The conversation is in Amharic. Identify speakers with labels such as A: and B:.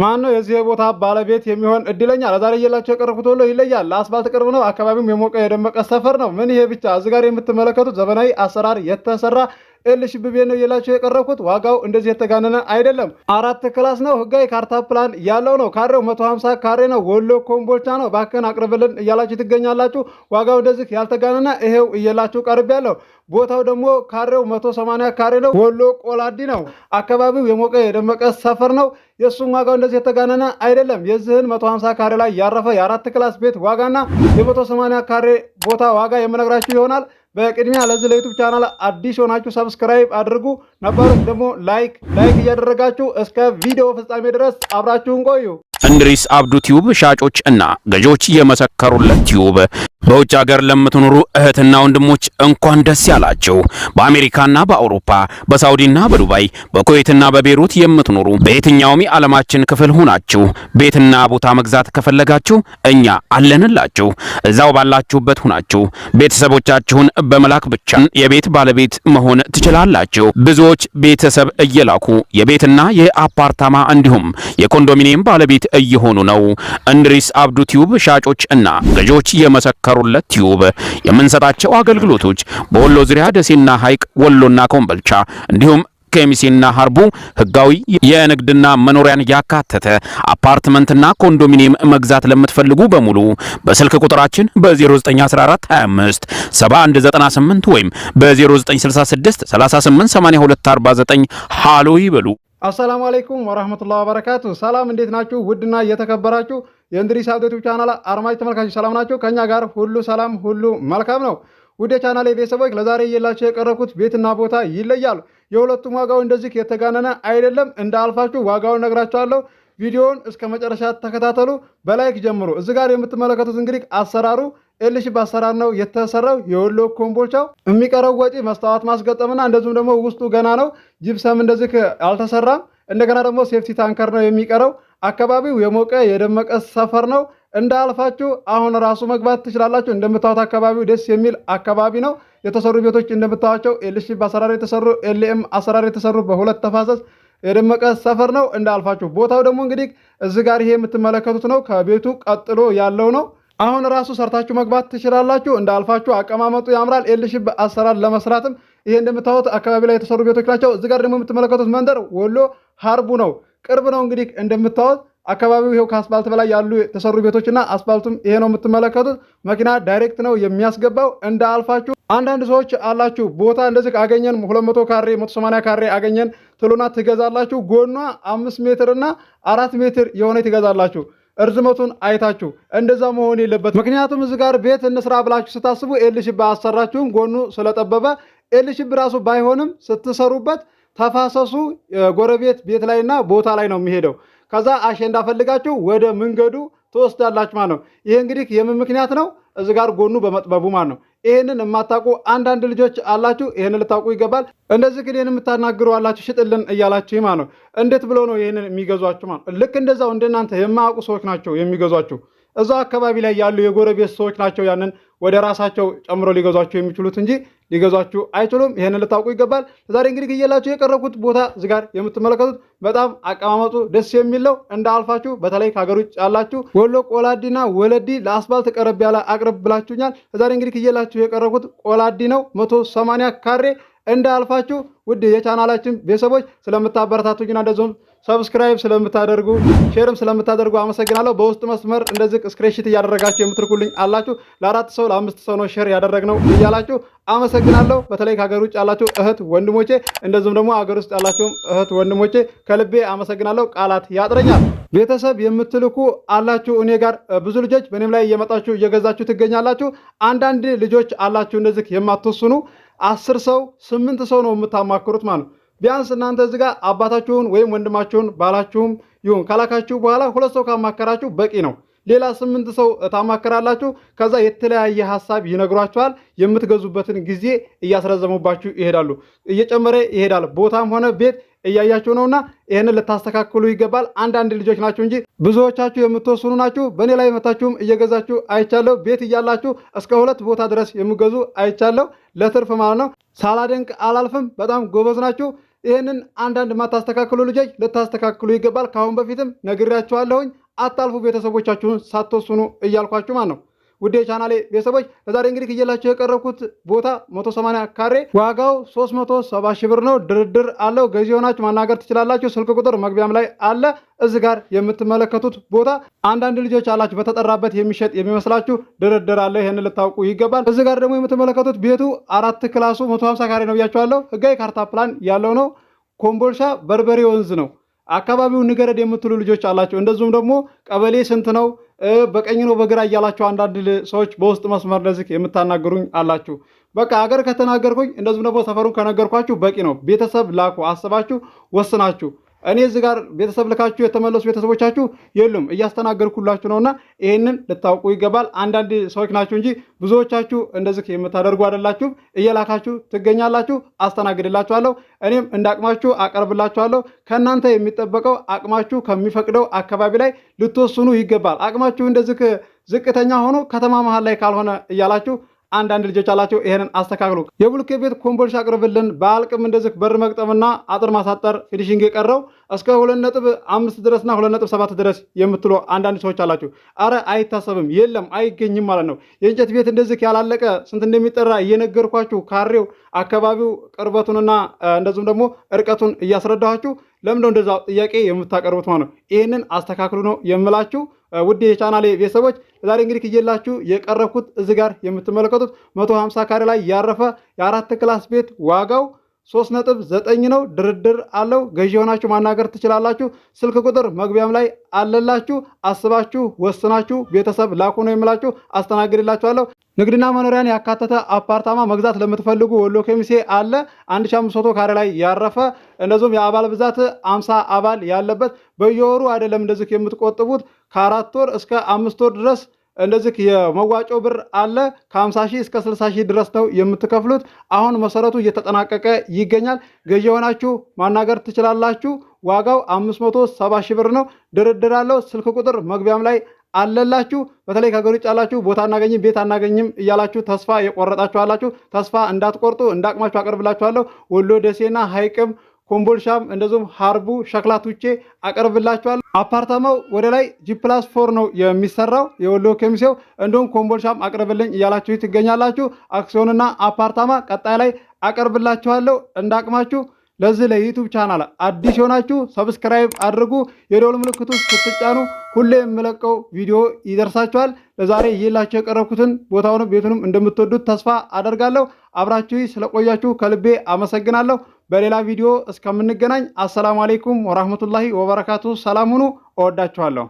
A: ማን ነው የዚህ ቦታ ባለቤት የሚሆን እድለኛ? ለዛሬ እየላቸው የቀረብኩት ወሎ ይለያል። ለአስፋልት ቅርብ ነው። አካባቢውም የሞቀ የደመቀ ሰፈር ነው። ምን ይሄ ብቻ! እዚህ ጋር የምትመለከቱት ዘመናዊ አሰራር የተሰራ ኤልሽ ብቤ ነው የላቸው የቀረብኩት። ዋጋው እንደዚህ የተጋነነ አይደለም። አራት ክላስ ነው፣ ህጋዊ ካርታ ፕላን ያለው ነው። ካሬው 150 ካሬ ነው፣ ወሎ ኮምቦልቻ ነው። ባክን አቅርብልን እያላችሁ ትገኛላችሁ። ዋጋው እንደዚህ ያልተጋነነ ይሄው እየላችሁ ቀርብ ያለው ቦታው ደግሞ ካሬው 180 ካሬ ነው፣ ወሎ ቆላዲ ነው። አካባቢው የሞቀ የደመቀ ሰፈር ነው። የእሱም ዋጋው እንደዚህ የተጋነነ አይደለም። የዚህን 150 ካሬ ላይ ያረፈ የአራት ክላስ ቤት ዋጋና የ180 ካሬ ቦታ ዋጋ የምነግራችሁ ይሆናል። በቅድሚያ ለዚህ ለዩቱብ ቻናል አዲስ ሆናችሁ ሰብስክራይብ አድርጉ፣ ነባሮች ደግሞ ላይክ ላይክ እያደረጋችሁ እስከ ቪዲዮ ፍጻሜ ድረስ አብራችሁን ቆዩ።
B: እንድሪስ አብዱ ቲዩብ ሻጮች እና ገዢዎች የመሰከሩለት ቲዩብ በውጭ ሀገር ለምትኖሩ እህትና ወንድሞች እንኳን ደስ ያላችሁ። በአሜሪካና በአውሮፓ በሳውዲና በዱባይ በኩዌትና በቤሩት የምትኖሩ በየትኛውም የዓለማችን ክፍል ሁናችሁ ቤትና ቦታ መግዛት ከፈለጋችሁ እኛ አለንላችሁ። እዛው ባላችሁበት ሁናችሁ ቤተሰቦቻችሁን በመላክ ብቻ የቤት ባለቤት መሆን ትችላላችሁ። ብዙዎች ቤተሰብ እየላኩ የቤትና የአፓርታማ እንዲሁም የኮንዶሚኒየም ባለቤት እየሆኑ ነው። እንድሪስ አብዱ ቲዩብ ሻጮች እና ገዢዎች የመሰከሩለት ቲዩብ የምንሰጣቸው አገልግሎቶች በወሎ ዙሪያ ደሴና ሐይቅ፣ ወሎና ኮምበልቻ እንዲሁም ከሚሴና ሀርቡ ህጋዊ የንግድና መኖሪያን ያካተተ አፓርትመንትና ኮንዶሚኒየም መግዛት ለምትፈልጉ በሙሉ በስልክ ቁጥራችን በ091425 ወይም በ0966 ሃሎ ይበሉ።
A: አሰላሙ አለይኩም ወራህመቱላህ ወበረካቱ። ሰላም እንዴት ናችሁ? ውድና እየተከበራችሁ የእንድሪስ አብዶ ዩቲዩብ ቻናል አርማጅ ተመልካቾች ሰላም ናቸው። ከኛ ጋር ሁሉ ሰላም፣ ሁሉ መልካም ነው። ውድ የቻናሌ ቤተሰቦች ለዛሬ እየላቸው የቀረብኩት ቤትና ቦታ ይለያሉ። የሁለቱም ዋጋው እንደዚህ የተጋነነ አይደለም። እንዳልፋችሁ ዋጋውን ነግራችኋለሁ። ቪዲዮውን እስከ መጨረሻ ተከታተሉ። በላይክ ጀምሩ እዚ ጋር የምትመለከቱት እንግዲህ አሰራሩ ኤልሽ በአሰራር ነው የተሰራው። የወሎ ኮምቦልቻው የሚቀረው ወጪ መስታወት ማስገጠምና እንደዚሁም ደግሞ ውስጡ ገና ነው፣ ጅብሰም እንደዚህ አልተሰራም። እንደገና ደግሞ ሴፍቲ ታንከር ነው የሚቀረው። አካባቢው የሞቀ የደመቀ ሰፈር ነው እንዳልፋችሁ አሁን ራሱ መግባት ትችላላችሁ። እንደምታዩት አካባቢው ደስ የሚል አካባቢ ነው። የተሰሩ ቤቶች እንደምታዋቸው ኤልሽ በአሰራር የተሰሩ ኤልኤም አሰራር የተሰሩ በሁለት ተፋሰስ የደመቀ ሰፈር ነው እንዳልፋችሁ። ቦታው ደግሞ እንግዲህ እዚህ ጋር ይሄ የምትመለከቱት ነው። ከቤቱ ቀጥሎ ያለው ነው። አሁን ራሱ ሰርታችሁ መግባት ትችላላችሁ። እንዳልፋችሁ አቀማመጡ ያምራል። ኤልሽብ አሰራር ለመስራትም ይሄ እንደምታዩት አካባቢ ላይ የተሰሩ ቤቶች ናቸው። እዚህ ጋር ደግሞ የምትመለከቱት መንደር ወሎ ሀርቡ ነው። ቅርብ ነው እንግዲህ እንደምታዩት አካባቢው ይኸው ከአስፋልት በላይ ያሉ የተሰሩ ቤቶችና አስፋልቱም ይሄ ነው የምትመለከቱት። መኪና ዳይሬክት ነው የሚያስገባው። እንደ አልፋችሁ አንዳንድ ሰዎች አላችሁ ቦታ እንደዚህ አገኘን 200 ካሬ 180 ካሬ አገኘን ትሉና ትገዛላችሁ። ጎኗ አምስት ሜትር እና አራት ሜትር የሆነ ትገዛላችሁ። እርዝመቱን አይታችሁ እንደዛ መሆን የለበት። ምክንያቱም እዚህ ጋር ቤት እንስራ ብላችሁ ስታስቡ ኤልሽብ አሰራችሁም ጎኑ ስለጠበበ ኤልሽብ ራሱ ባይሆንም ስትሰሩበት ተፋሰሱ ጎረቤት ቤት ላይና ቦታ ላይ ነው የሚሄደው። ከዛ አሸንዳ ፈልጋችሁ ወደ መንገዱ ትወስዳላችሁ ማለት ነው። ይሄ እንግዲህ የምን ምክንያት ነው? እዚህ ጋር ጎኑ በመጥበቡ ማለት ነው። ይህንን የማታውቁ አንዳንድ ልጆች አላችሁ። ይህን ልታውቁ ይገባል። እንደዚህ ግን ይህን የምታናግሩ አላችሁ፣ ሽጥልን እያላችሁ ይማ ነው። እንዴት ብሎ ነው ይህንን የሚገዟችሁ ማለት ልክ እንደዛው እንደናንተ የማያውቁ ሰዎች ናቸው የሚገዟችሁ። እዛ አካባቢ ላይ ያሉ የጎረቤት ሰዎች ናቸው ያንን ወደ ራሳቸው ጨምሮ ሊገዟቸው የሚችሉት እንጂ ሊገዟችሁ አይችሉም። ይህን ልታውቁ ይገባል። ዛሬ እንግዲህ እየላችሁ የቀረብኩት ቦታ እዚ የምትመለከቱት በጣም አቀማመጡ ደስ የሚለው እንዳልፋችሁ፣ በተለይ ከሀገር ውጭ ያላችሁ ወሎ ቆላዲና ወለዲ ለአስፋልት ቀረብ ያለ አቅርብ ብላችሁኛል። እንግዲህ እየላችሁ የቀረብኩት ቆላዲ ነው መቶ ሰማንያ ካሬ እንዳያልፋችሁ ውድ የቻናላችን ቤተሰቦች ስለምታበረታቱኝና እንደዚሁም ሰብስክራይብ ስለምታደርጉ ሼርም ስለምታደርጉ አመሰግናለሁ። በውስጥ መስመር እንደዚህ ስክሬንሺት እያደረጋችሁ የምትልኩልኝ አላችሁ። ለአራት ሰው ለአምስት ሰው ነው ሼር ያደረግነው እያላችሁ አመሰግናለሁ። በተለይ ከሀገር ውጭ ያላችሁ እህት ወንድሞቼ፣ እንደዚሁም ደግሞ ሀገር ውስጥ ያላችሁም እህት ወንድሞቼ ከልቤ አመሰግናለሁ። ቃላት ያጥረኛል። ቤተሰብ የምትልኩ አላችሁ። እኔ ጋር ብዙ ልጆች በእኔም ላይ እየመጣችሁ እየገዛችሁ ትገኛላችሁ። አንዳንድ ልጆች አላችሁ እንደዚህ የማትወስኑ አስር ሰው ስምንት ሰው ነው የምታማክሩት ማለት ነው። ቢያንስ እናንተ እዚህ ጋር አባታችሁን ወይም ወንድማችሁን ባላችሁም ይሁን ካላካችሁ በኋላ ሁለት ሰው ካማከራችሁ በቂ ነው። ሌላ ስምንት ሰው ታማከራላችሁ። ከዛ የተለያየ ሀሳብ ይነግሯችኋል። የምትገዙበትን ጊዜ እያስረዘሙባችሁ ይሄዳሉ። እየጨመረ ይሄዳል። ቦታም ሆነ ቤት እያያችሁ ነውና ይህንን ልታስተካክሉ ይገባል። አንዳንድ ልጆች ናችሁ እንጂ ብዙዎቻችሁ የምትወስኑ ናችሁ። በእኔ ላይ መታችሁም እየገዛችሁ አይቻለሁ። ቤት እያላችሁ እስከ ሁለት ቦታ ድረስ የሚገዙ አይቻለሁ። ለትርፍ ማለት ነው። ሳላደንቅ አላልፍም። በጣም ጎበዝ ናችሁ። ይህንን አንዳንድ የማታስተካክሉ ልጆች ልታስተካክሉ ይገባል። ከአሁን በፊትም ነግሬያችኋለሁኝ። አታልፉ ቤተሰቦቻችሁን ሳትወስኑ እያልኳችሁ ማለት ነው። ውድ የቻናሌ ቤተሰቦች ለዛሬ እንግዲህ ክየላቸው የቀረብኩት ቦታ 180 ካሬ ዋጋው 370 ሺህ ብር ነው። ድርድር አለው። ገዢ የሆናችሁ ማናገር ትችላላችሁ። ስልክ ቁጥር መግቢያም ላይ አለ። እዚ ጋር የምትመለከቱት ቦታ አንዳንድ ልጆች አላችሁ በተጠራበት የሚሸጥ የሚመስላችሁ ድርድር አለ። ይህን ልታውቁ ይገባል። እዚ ጋር ደግሞ የምትመለከቱት ቤቱ አራት ክላሱ 150 ካሬ ነው ብያቸዋለሁ። ህጋዊ ካርታ ፕላን ያለው ነው። ኮምቦልሻ በርበሬ ወንዝ ነው አካባቢው ንገረድ የምትሉ ልጆች አላቸው። እንደዚሁም ደግሞ ቀበሌ ስንት ነው በቀኝ ነው በግራ እያላችሁ አንዳንድ ሰዎች በውስጥ መስመር ለዚህ የምታናገሩኝ አላችሁ። በቃ ሀገር ከተናገርኩኝ እንደዚሁም ደግሞ ሰፈሩን ከነገርኳችሁ በቂ ነው። ቤተሰብ ላኩ አስባችሁ ወስናችሁ እኔ እዚህ ጋር ቤተሰብ ልካችሁ የተመለሱ ቤተሰቦቻችሁ የሉም፣ እያስተናገድኩላችሁ ነውና ይህንን ልታውቁ ይገባል። አንዳንድ ሰዎች ናችሁ እንጂ ብዙዎቻችሁ እንደዚህ የምታደርጉ አይደላችሁም። እየላካችሁ ትገኛላችሁ። አስተናግድላችኋለሁ። እኔም እንዳቅማችሁ አቀርብላችኋለሁ። ከእናንተ የሚጠበቀው አቅማችሁ ከሚፈቅደው አካባቢ ላይ ልትወስኑ ይገባል። አቅማችሁ እንደዚህ ዝቅተኛ ሆኖ ከተማ መሀል ላይ ካልሆነ እያላችሁ አንዳንድ ልጆች አላቸው። ይሄንን አስተካክሉ። የቡልኬት ቤት ኮምቦልሻ አቅርብልን። በአልቅም እንደዚህ በር መቅጠምና አጥር ማሳጠር ፊኒሽንግ የቀረው እስከ ሁለት ነጥብ አምስት ድረስና ሁለት ነጥብ ሰባት ድረስ የምትሎ አንዳንድ ሰዎች አላችሁ። አረ አይታሰብም፣ የለም አይገኝም ማለት ነው። የእንጨት ቤት እንደዚህ ያላለቀ ስንት እንደሚጠራ እየነገርኳችሁ ካሬው፣ አካባቢው ቅርበቱንና እንደዚሁም ደግሞ እርቀቱን እያስረዳኋችሁ ነው እንደዛ ጥያቄ የምታቀርቡት ማለት ነው? ይህንን አስተካክሉ ነው የምላችሁ። ውድ የቻናሌ ቤተሰቦች ዛሬ እንግዲህ ክዬላችሁ የቀረብኩት እዚህ ጋር የምትመለከቱት 150 ካሬ ላይ ያረፈ የአራት ክላስ ቤት ዋጋው 3.9 ነው። ድርድር አለው። ገዢ የሆናችሁ ማናገር ትችላላችሁ። ስልክ ቁጥር መግቢያም ላይ አለላችሁ። አስባችሁ ወስናችሁ ቤተሰብ ላኩ ነው የምላችሁ። አስተናግድላችኋለሁ። ንግድና መኖሪያን ያካተተ አፓርታማ መግዛት ለምትፈልጉ ወሎ ኬሚሴ አለ 1500 ካሬ ላይ ያረፈ እንደዚሁም የአባል ብዛት 50 አባል ያለበት በየወሩ አይደለም እንደዚህ የምትቆጥቡት ከአራት ወር እስከ አምስት ወር ድረስ እንደዚህ የመዋጮ ብር አለ ከ50 ሺህ እስከ 60 ሺህ ድረስ ነው የምትከፍሉት። አሁን መሰረቱ እየተጠናቀቀ ይገኛል። ገዢ የሆናችሁ ማናገር ትችላላችሁ። ዋጋው 570 ሺህ ብር ነው። ድርድር አለው። ስልክ ቁጥር መግቢያም ላይ አለላችሁ። በተለይ ከሀገር ውጭ ያላችሁ ቦታ አናገኝም ቤት አናገኝም እያላችሁ ተስፋ የቆረጣችሁ አላችሁ። ተስፋ እንዳትቆርጡ እንዳቅማችሁ አቅማችሁ አቀርብላችኋለሁ። ወሎ ደሴና ሀይቅም ኮምቦልሻም እንደዚሁም ሀርቡ ሸክላ ቱቼ አቀርብላችኋለሁ። አፓርታማው ወደ ላይ ጂፕላስ ፎር ነው የሚሰራው የወሎ ኬሚሴው፣ እንዲሁም ኮምቦልሻም አቅርብልኝ እያላችሁ ትገኛላችሁ። አክሲዮንና አፓርታማ ቀጣይ ላይ አቀርብላችኋለሁ እንዳቅማችሁ ለዚህ ለዩቱብ ቻናል አዲስ የሆናችሁ ሰብስክራይብ አድርጉ። የደወል ምልክቱ ስትጫኑ ሁሌ የምለቀው ቪዲዮ ይደርሳችኋል። ለዛሬ ይዤላችሁ የቀረብኩትን ቦታውንም ቤቱንም እንደምትወዱት ተስፋ አደርጋለሁ። አብራችሁ ስለቆያችሁ ከልቤ አመሰግናለሁ። በሌላ ቪዲዮ እስከምንገናኝ አሰላሙ አሌይኩም ወራህመቱላሂ ወበረካቱ። ሰላም ሁኑ። እወዳችኋለሁ።